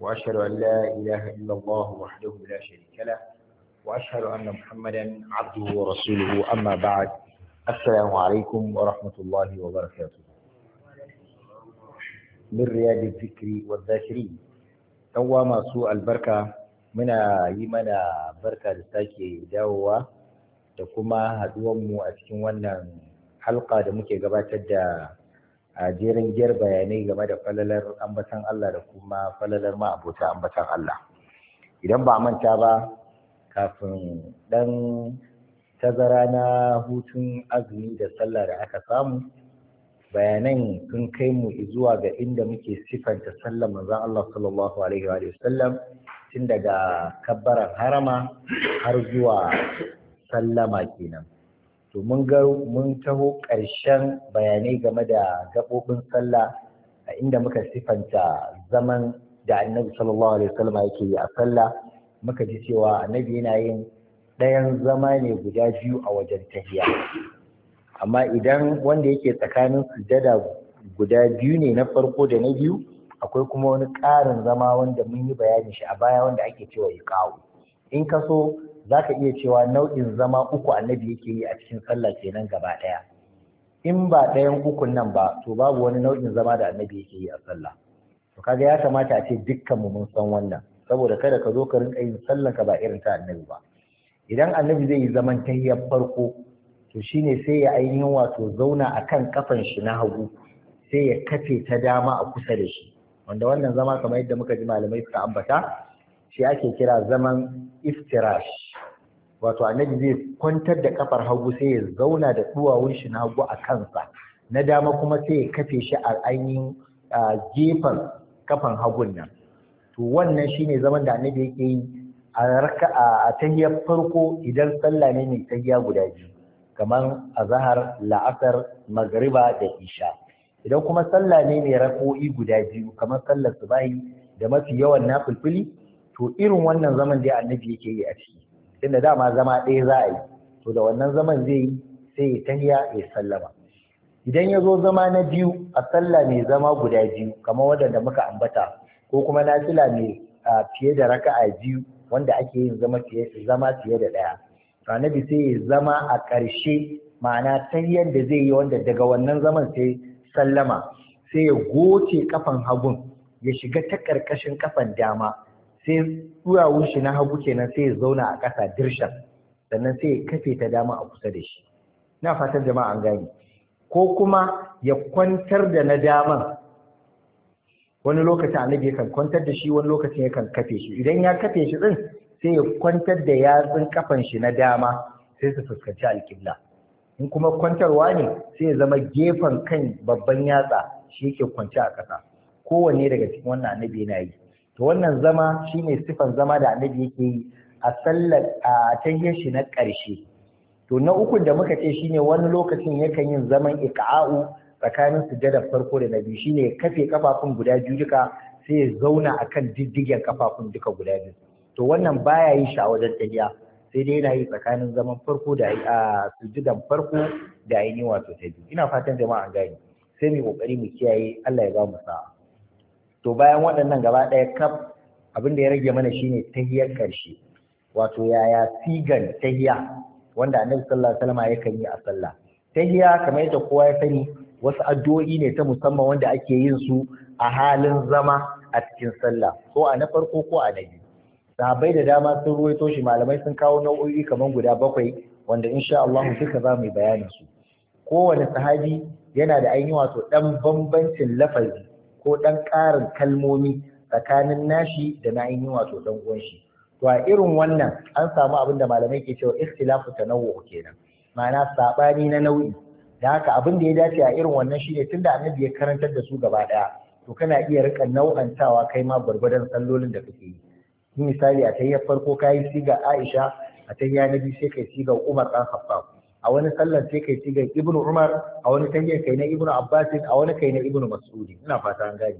وأشهد أن لا إله إلا الله وحده لا شريك له وأشهد أن محمدا عبده ورسوله أما بعد السلام عليكم ورحمة الله وبركاته من رياض الذكر والذاكرين ɗan masu albarka muna yi mana barka da sake dawowa da kuma mu a cikin wannan halka da muke gabatar da a jerin giyar bayanai game da falalar ambatan Allah da kuma falalar ma'abota ambatan Allah idan ba manta ba kafin ɗan tazara na hutun azumi da sallah da aka samu bayanan sun kai mu zuwa ga inda muke sifanta sallar manzon Allah sallallahu alaihi wa sallam tun daga kabbaran harama har zuwa sallama kenan to mun ga mun taho ƙarshen bayanai game da gaɓoɓin sallah a inda muka sifanta zaman da annabi sallallahu alaihi wasallam yake yi a sallah muka ji cewa annabi yana yin ɗayan zama ne guda biyu a wajen tahiya amma idan wanda yake tsakanin sujada guda biyu ne na farko da na biyu akwai kuma wani ƙarin zama wanda mun yi bayanin shi a baya wanda ake cewa iqa'u in ka so za ka iya cewa nau'in zama uku annabi yake yi a cikin sallah kenan gaba ɗaya in ba ɗayan ukun nan ba to babu wani nau'in zama da annabi yake yi a sallah to kaga ya kamata a ce dukkan mu mun san wannan saboda kada ka zo ka rinka yin sallar ka ba irin ta annabi ba idan annabi zai yi zaman tahiyyar farko to shine sai ya ainihin wato zauna akan kafan shi na hagu sai ya kafe ta dama a kusa da shi wanda wannan zama kamar yadda muka ji malamai suka ambata shi ake kira zaman iftirash wato annabi zai kwantar da kafar hagu sai ya zauna da duwawun shi na hagu a kansa na dama kuma sai ya kafe shi a ainihin gefen kafan hagun nan to wannan shine zaman da annabi yake yi a raka a tahiyar farko idan sallah ne mai tahiya guda biyu kamar azhar la'asar maghriba da isha idan kuma sallah ne mai rako'i guda biyu kamar sallar subahi da mafi yawan nafilfili to irin wannan zaman dai annabi yake yi a ciki tunda dama zama ɗaya za a yi to da wannan zaman zai yi sai ya tahiya ya sallama idan ya zo zama na biyu a sallah mai zama guda biyu kamar waɗanda muka ambata ko kuma na nafila mai fiye da raka'a biyu wanda ake yin zama fiye zama fiye da ɗaya to annabi sai ya zama a ƙarshe ma'ana ta da zai yi wanda daga wannan zaman sai sallama sai ya goce kafan hagun ya shiga ta ƙarƙashin kafan dama sai duwawun shi na hagu kenan sai ya zauna a ƙasa dirshan sannan sai ya kafe ta dama a kusa da shi na fatan jama'a an gane ko kuma ya kwantar da na daman wani lokacin annabi kan kwantar da shi wani lokacin kan kafe shi idan ya kafe shi din sai ya kwantar da yatsun kafan shi na dama sai su fuskanci alƙibla in kuma kwantarwa ne sai ya zama gefen kan babban yatsa shi yake kwance a ƙasa kowanne daga cikin wannan annabi yana yi to wannan zama shine sifan zama da annabi yake yi a sallar a tahiyar shi na ƙarshe to na uku da muka ce shine wani lokacin yakan yin zaman iqa'u tsakanin sujjadar farko da na biyu shine ya kafe kafafun guda biyu duka sai ya zauna akan diddigen kafafun duka guda biyu to wannan baya yi shi a wajen tahiya sai dai yana yi tsakanin zaman farko da a sujjudan farko da ainihin wato ta biyu ina fatan jama'a gane, sai mu kokari mu kiyaye Allah ya ba mu sa'a to bayan waɗannan gaba ɗaya kaf abin da ya rage mana shine tahiyar karshe wato yaya sigan tahiya wanda annabi sallallahu alaihi wasallam yakan yi a sallah tahiya kamar yadda kowa ya sani wasu addu'o'i ne ta musamman wanda ake yin su a halin zama a cikin sallah ko a na farko ko a na biyu sahabbai da dama sun ruwaito shi malamai sun kawo nau'o'i kamar guda bakwai wanda insha Allah duka za mu yi bayanin su kowane sahabi yana da ainihin wato dan bambancin lafazi ko ɗan ƙarin kalmomi tsakanin nashi da na ainihin wato ɗan uwan shi to a irin wannan an samu abin da malamai ke cewa ikhtilafu tanawwu kenan ma'ana saɓani na nau'i da haka abin da ya dace a irin wannan shine tunda annabi ya karantar da su gaba ɗaya to kana iya rika nau'antawa kai ma gwargwadon sallolin da kake yi misali a tayyar farko kayi siga Aisha a tayyar na biyu sai kai siga Umar ɗan Khattab a wani sallar sai kai ci ga ibn umar a wani tanye kai na ibn abbas a wani kai na ibn mas'ud ina fata an gane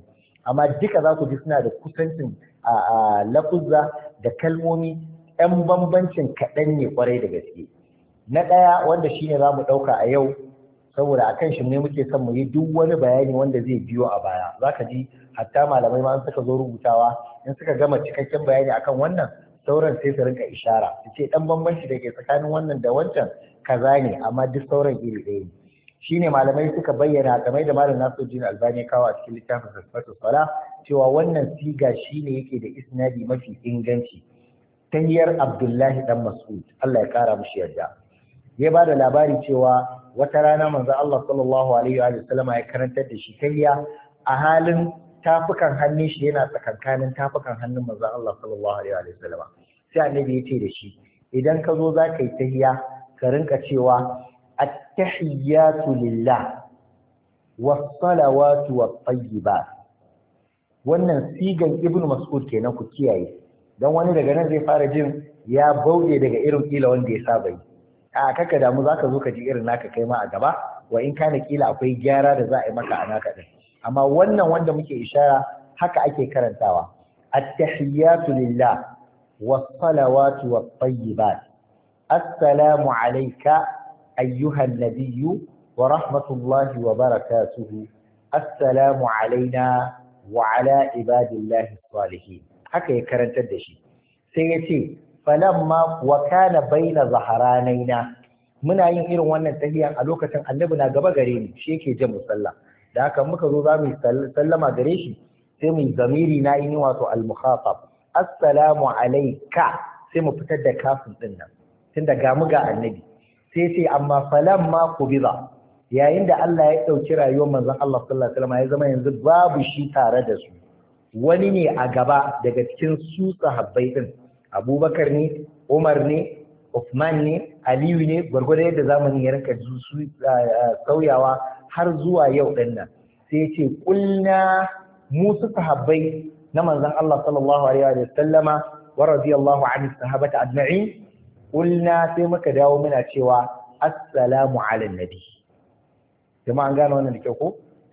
amma duka za ku ji suna da kusancin a lafuzza da kalmomi ɗan bambancin kaɗan ne kwarai da gaske na ɗaya wanda shine za mu ɗauka a yau saboda a kan shi ne muke son mu yi duk wani bayani wanda zai biyo a baya za ka ji hatta malamai ma suka zo rubutawa in suka gama cikakken bayani akan wannan sauran sai su rinka ishara su ce dan bambanci da ke tsakanin wannan da wancan kaza ne amma duk sauran iri ɗaya ne Shi ne malamai suka bayyana game da malam Nasiruddin Albani kawo a cikin littafin Sifatu Sala cewa wannan siga shi ne yake da isnadi mafi inganci ta hiyar Abdullahi dan Mas'ud Allah ya kara mushi yarda ya ba da labari cewa wata rana manzo Allah sallallahu alaihi wa sallama ya karantar da shi kariya a halin tafukan hannun shi yana tsakankanin tafukan hannun manzo Allah sallallahu alaihi wa sallama sai annabi ya ce da shi idan ka zo za ka yi tahiya ka rinka cewa at-tahiyatu lillah was-salawatu wat-tayyibat wannan sigan ibnu mas'ud kenan ku kiyaye dan wani daga nan zai fara jin ya bauɗe daga irin kila wanda ya saba yi a kaka damu zaka zo ka ji irin naka kai ma a gaba wa in kana kila akwai gyara da za a yi maka a naka din amma wannan wanda muke ishara haka ake karantawa at-tahiyatu lillah والصلوات والطيبات السلام عليك أيها النبي ورحمة الله وبركاته السلام علينا وعلى عباد الله الصالحين haka ya karantar da shi sai ya ce falamma wa kana zahra naina. muna yin irin wannan tahiyan a lokacin annabi na gaba gare mu shi yake jin musalla da haka muka zo za mu sallama gare shi sai mu zamiri na yi wato al-mukhatab assalamu alaika sai mu fitar da kafin din nan tunda ga mu ga annabi sai sai amma falan ma kubiza yayin da Allah ya dauki rayuwar manzon Allah sallallahu alaihi wasallam ya zama yanzu babu shi tare da su wani ne a gaba daga cikin su sahabbai din Abubakar ne Umar ne Uthman ne Aliyu ne gwargwado yadda zamani ya raka su sauyawa har zuwa yau din nan sai ce kulna mu su sahabbai na manzon Allah sallallahu alaihi wa sallama wa radiyallahu anhu sahabata ajma'in ulna sai muka dawo muna cewa assalamu ala nabi jama'a an gane wannan da kyau ko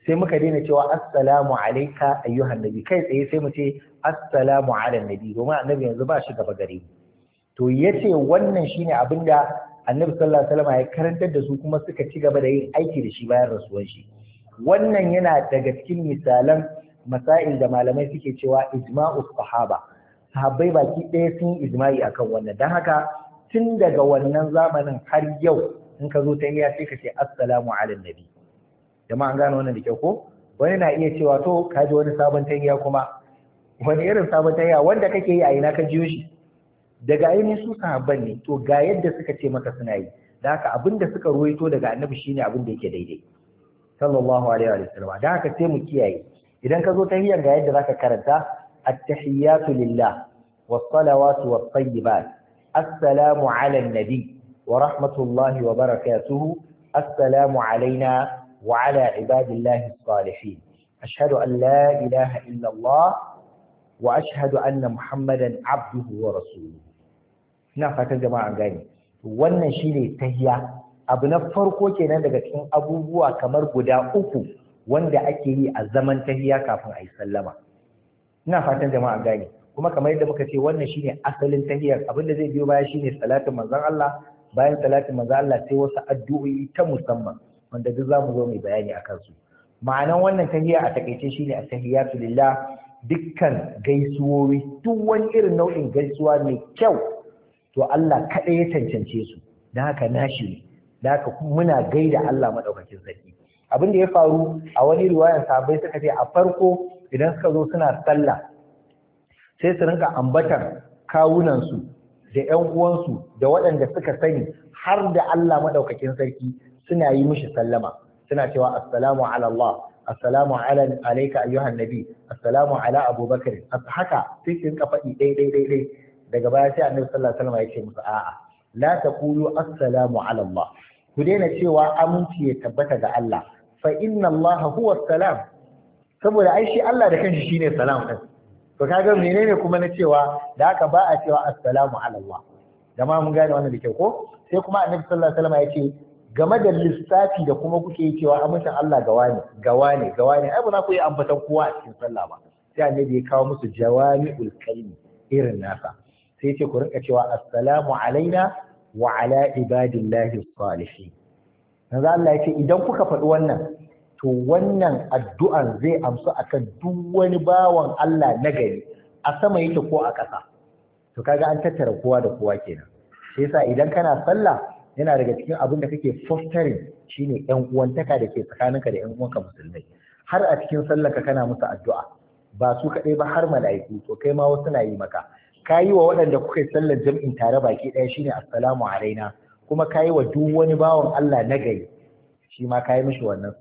sai muka daina cewa assalamu alayka ayyuhan nabi kai tsaye sai mu ce assalamu ala nabi domin annabi yanzu ba shi gaba gare mu to yace wannan shine abin da annabi sallallahu alaihi wasallam ya karantar da su kuma suka ci gaba da yin aiki da shi bayan rasuwar shi wannan yana daga cikin misalan masail da malamai suke cewa ijma'u sahaba sahabbai baki ɗaya sun ijma'i akan wannan don haka tun daga wannan zamanin har yau in ka zo ta iya sai ka ce assalamu ala nabi jama'a an gane wannan da kyau ko wani na iya cewa to ka ji wani sabon tayya kuma wani irin sabon tayya wanda kake yi a ina ka jiyo shi daga ainihin su sahabban ne to ga yadda suka ce maka suna yi da haka abin da suka ruwaito daga annabi shine abin da yake daidai sallallahu alaihi wa sallam da haka sai mu kiyaye idan ka zo tahiyya ga yadda zaka karanta at "Tahiyatu lillah was-salawatu was-tayyibat assalamu ala an-nabi wa rahmatullahi wa barakatuhu assalamu alaina wa ala ibadillahi as-salihin ashhadu an la ilaha illa Allah wa ashhadu anna muhammadan abduhu wa rasuluhu ina fatan jama'a gani wannan shine tahiyya abu na farko kenan daga cikin abubuwa kamar guda uku wanda ake yi a zaman tahiya kafin a yi sallama ina fatan jama'a gane kuma kamar yadda muka ce wannan shine asalin tahiyar abin da zai biyo baya shine salatin manzon Allah bayan salatin manzon Allah sai wasu addu'o'i ta musamman wanda duk zamu zo mai bayani akan su ma'anan wannan tahiya a takaice shine at-tahiyatu lillah dukkan gaisuwowi duk wani irin nau'in gaisuwa mai kyau to Allah kaɗai ya cancance su da haka na ne da haka muna gaida Allah maɗaukacin sarki abin da ya faru a wani riwayan sahabbai suka ce a farko idan suka zo suna sallah sai su rinka ambatar kawunansu da ƴan uwansu da waɗanda suka sani har da Allah madaukakin sarki suna yi mishi sallama suna cewa assalamu ala Allah assalamu ala alayka ayyuhan nabi assalamu ala abubakar haka sai su rinka faɗi dai dai dai dai daga baya sai annabi sallallahu alaihi wasallam ya ce musu a'a la taqulu assalamu ala Allah ku daina cewa aminci ya tabbata ga Allah fa inna Allah salam saboda ai shi Allah da kanshi shine salam din to kaga menene kuma na cewa da haka ba a cewa assalamu ala Allah jama'a mun gane wannan da kyau ko sai kuma annabi sallallahu alaihi wasallam ya ce game da lissafi da kuma kuke yi cewa amincin Allah gawa ne gawa ne gawa ne ai ba za ku yi ambatan kowa a cikin sallah ba sai annabi ya kawo musu jawami'ul kalmi irin nasa sai ce ku rinka cewa assalamu alaina wa ala ibadillahi salihin yanzu Allah ya idan kuka faɗi wannan to wannan addu'an zai amsu kan duk wani bawan Allah na gari a sama yake ko a ƙasa to kaga an tattara kowa da kowa kenan shi yasa idan kana sallah yana daga cikin abin da kake fostering shine ƴan uwantaka da ke tsakaninka da ƴan musulmai har a cikin sallarka kana musu addu'a ba su kaɗai ba har mala'iku to kai ma wasu na yi maka ka yi wa waɗanda kuka yi sallar jam'in tare baki ɗaya shine assalamu alaikum kuma ka yi wa duk wani bawan Allah na gari shi ma ka yi mishi wannan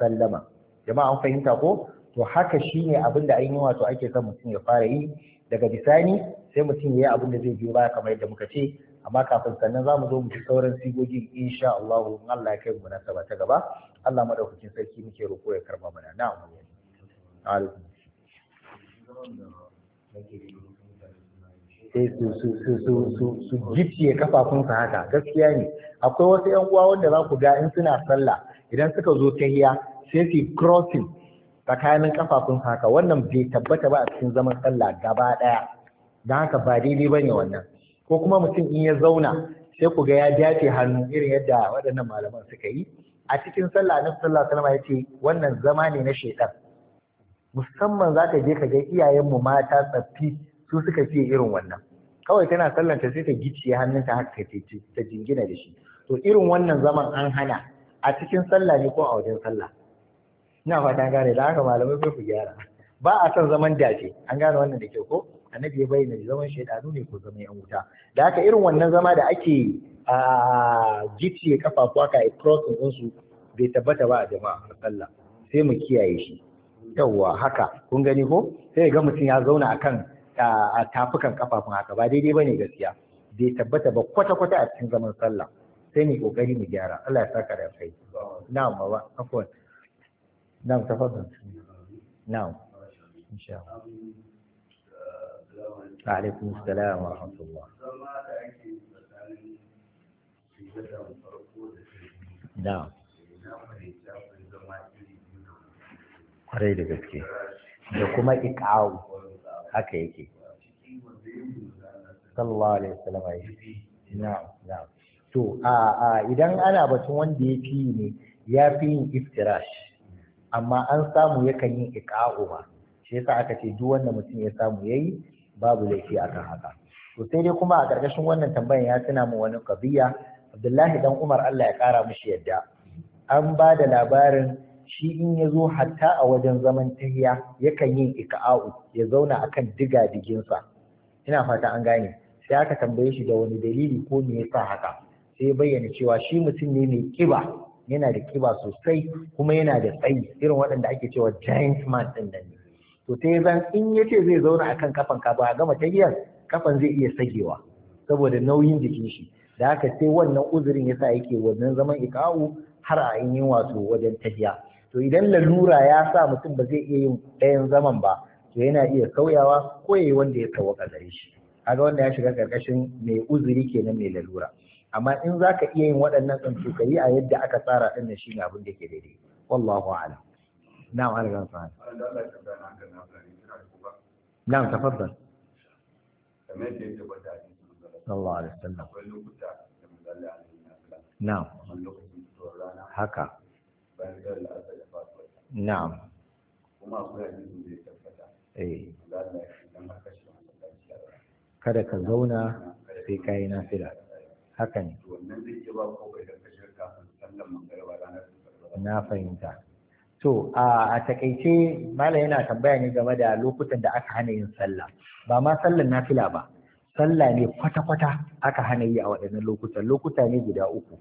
sallama jama'a an fahimta ko to haka shi ne abin da ainihin wato ake son mutum ya fara yi daga bisani sai mutum ya yi abin da zai biyo baya kamar yadda muka ce amma kafin sannan za mu zo mu ci sauran sigogin insha Allah in Allah ya kai mu nasaba ta gaba Allah madaukakin sarki muke roƙo ya karba mana na'am alaikum sai su su su su su su kafafunsa haka gaskiya ne akwai wasu yan uwa wanda za ku ga in suna sallah idan suka zo ta sai su crossing tsakanin kafafunsa haka wannan bai tabbata ba a cikin zaman sallah gaba daya dan haka ba daidai ba wannan ko kuma mutum in ya zauna sai ku ga ya dace hannu irin yadda waɗannan malaman suka yi a cikin sallah na sallah sallama ya ce wannan zama ne na shaidan musamman za ka je ka ga iyayenmu mata tsaffi su suka fiye irin wannan kawai tana sallanta sai ta gicciye hannunta haka ta jingina da shi to irin wannan zaman an hana a cikin sallah ne ko a wajen sallah ina fata gane da haka malamai sai ku gyara ba a son zaman dace an gane wannan da kyau ko annabi ya bayyana zaman shaidanu ne ko zaman yan wuta da haka irin wannan zama da ake a gicciye kafafu aka yi crossing ɗinsu bai tabbata ba a jama'a a sallah sai mu kiyaye shi yawwa haka kun gani ko sai ga mutum ya zauna akan tafukan kafafun haka ba daidai bane gaskiya bai tabbata ba kwata-kwata a cikin zaman sallah sai mu kokari mu gyara Allah ya saka da kai na'am baba afwan na'am tafadun na'am insha Allah wa alaikum assalam wa rahmatullah na'am kwarai da gaske da kuma iqa'u haka yake sallallahu alaihi wasallam na'am na'am to a a idan ana batun wanda ya fi ne ya fi yin iftirash amma an samu yakan yin iqa'u ba shi yasa aka ce duk wanda mutum ya samu yayi babu laifi akan haka to sai dai kuma a ƙarƙashin wannan tambayan ya tuna mu wani qadiya Abdullahi dan Umar Allah ya kara mishi yadda an ba da labarin shi in ya zo hatta a wajen zaman tahiya yakan yi ika'a'u ya zauna akan diga diginsa ina fata an gane sai aka tambaye shi da wani dalili ko me yasa haka sai ya bayyana cewa shi mutum ne mai kiba yana da kiba sosai kuma yana da tsayi irin waɗanda ake cewa giant man din nan ne to sai zan in ya ce zai zauna akan kafan ka ba gama tahiyar kafan zai iya sagewa saboda nauyin jikin shi da haka sai wannan uzurin yasa yake wannan zaman ika'u har a yin wato wajen tahiya to idan lalura ya sa mutum ba zai iya yin ɗayan zaman ba to yana iya sauyawa ko yayi wanda ya tawaka gare shi kaga wanda ya shiga karkashin mai uzuri kenan mai lalura amma in zaka iya yin waɗannan tsantu kai a yadda aka tsara din nan shine abin da yake daidai wallahu a'lam na'am alaikum salam na'am tafaddal kamar da yake bada sallallahu alaihi wasallam na'am haka na'am kuma akwai hadisi da ya tabbata eh kada ka zauna sai ka yi nafila haka ne Wannan zai ba ko da sallan ranar na fahimta to a takaice mala yana tambaya ne game da lokutan da aka hana yin sallah ba ma sallan nafila ba sallah ne kwata-kwata aka hana yi a waɗannan lokutan lokuta ne guda uku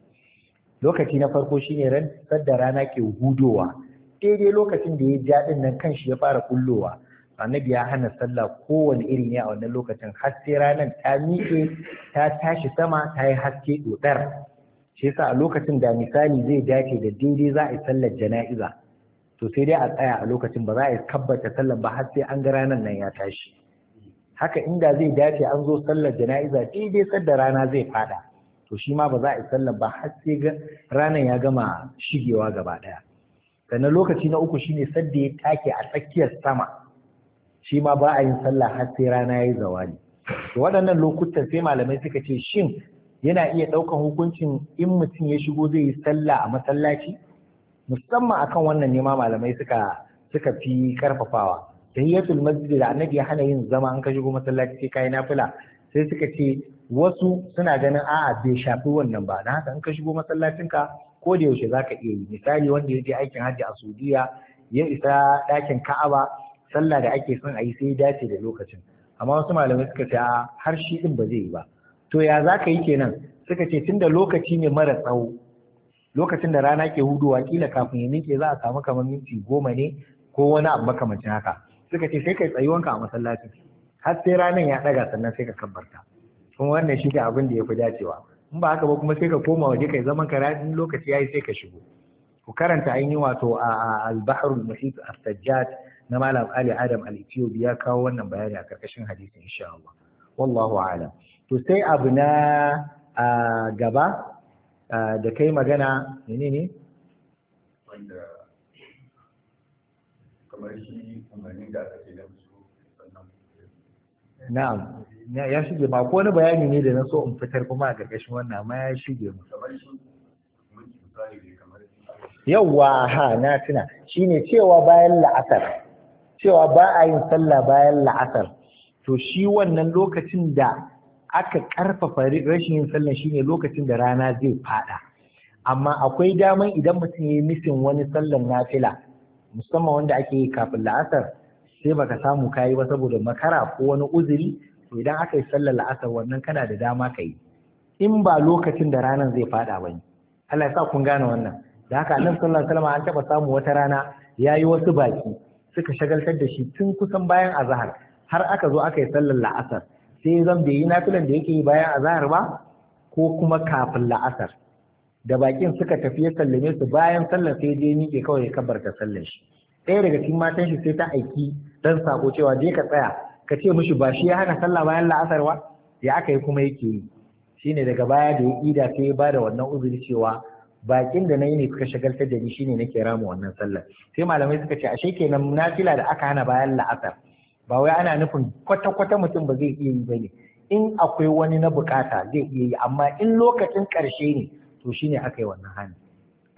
lokaci na farko shine ran sadda rana ke hudowa daidai lokacin da ya ja din nan shi ya fara kullowa annabi ya hana sallah kowane iri ne a wannan lokacin har sai ranar ta miƙe ta tashi sama ta yi haske dotar shi yasa a lokacin da misali zai dace da daidai za a yi sallar jana'iza to sai dai a tsaya a lokacin ba za a yi kabbata sallar ba har sai an ga ranar nan ya tashi haka inda zai dace an zo sallar jana'iza daidai sadda rana zai fada to shi ma ba za a yi sallar ba har sai ranar ya gama shigewa gaba ɗaya. sannan lokaci na uku shine sadda ya take a tsakiyar sama shi ma ba a yin sallah har sai rana ya yayi zawali to waɗannan lokutan sai malamai suka ce shin yana iya ɗaukan hukuncin in mutum ya shigo zai yi sallah a masallaci musamman akan wannan ne ma malamai suka suka fi karfafawa tahiyatul masjid da annabi ya hana yin zama an ka shigo masallaci sai kai nafila sai suka ce wasu suna ganin a'a bai shafi wannan ba na haka in ka shigo masallacinka ko da yaushe zaka iya yi misali wanda ya je aikin hajji a Saudiya ya isa ɗakin Ka'aba sallah da ake son a yi sai ya dace da lokacin amma wasu malamai suka ce har shi din ba zai yi ba to ya zaka yi kenan suka ce tunda lokaci ne mara tsawo lokacin da rana ke huduwa kila kafin ya ninke za a samu kamar minti goma ne ko wani abu makamancin haka suka ce sai kai tsayuwanka a masallacin har sai ranar ya ɗaga sannan sai ka kabbarta kuma wannan shi abin da ya fi dacewa in ba haka ba kuma sai ka koma waje kai zaman ka in lokaci yayi sai ka shigo ku karanta an yi wato a al-bahr al-muhit al-sajjad na malam Ali Adam al ethiopia ya kawo wannan bayani a karkashin hadisi insha Allah wallahu a'lam to sai abu na gaba da kai magana ne ne da aka na'am ya shige ma ko wani bayani ne da na so in fitar kuma a ƙarƙashin wannan amma ya shige mu yawwa ha na tuna shine cewa bayan la'asar cewa ba a yin sallah bayan la'asar to shi wannan lokacin da aka karfafa rashin yin sallah shine lokacin da rana zai fada amma akwai daman idan mutum ya yi misin wani sallan nafila musamman wanda ake yi kafin la'asar sai baka samu kayi ba saboda makara ko wani uzuri to idan aka yi sallar la'asar wannan kana da dama ka yi in ba lokacin da ranar zai fada ba ne Allah ya sa kun gane wannan da haka annabi sallallahu alaihi an taɓa samu wata rana yayi wasu baki suka shagaltar da shi tun kusan bayan azahar. har aka zo aka yi sallar la'asar sai zan bai yi nafilan da yake yi bayan azahar ba ko kuma kafin la'asar da bakin suka tafi ya sallame su bayan sallar sai je ke kawai ya kabarta sallar shi ɗaya daga cikin matan shi sai ta aiki dan sako cewa je ka tsaya ka ce mishi ba shi ya hana sallah bayan la'asar ba ya aka yi kuma yake yi shine daga baya da ya ida sai ya bada wannan uzuri cewa bakin da nayi ne suka shagaltar da ni shine nake rama wannan sallar sai malamai suka ce ashe kenan nafila da aka hana bayan la'asar ba wai ana nufin kwata kwata mutum ba zai iya yi ne. in akwai wani na bukata zai iya yi amma in lokacin karshe ne to shine aka yi wannan hani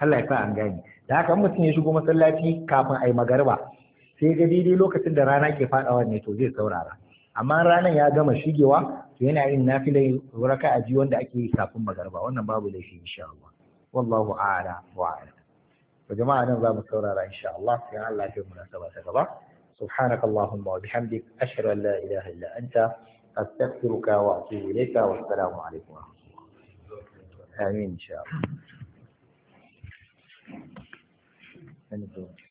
Allah ya sa an gani. da haka mutum ya shigo masallaci kafin a yi magarba sai ga daidai lokacin da rana ke faɗawa ne to zai saurara amma ranar ya gama shigewa to yana yin nafilai raka a ji wanda ake yi kafin magarba wannan babu laifi insha Allah wallahu a'ala wa a'ala to jama'a nan zamu saurara insha Allah sai Allah ya mu nasaba ta gaba subhanaka allahumma wa bihamdik ashhadu an la ilaha illa anta astaghfiruka wa atubu ilayka wa assalamu alaikum wa rahmatullahi amin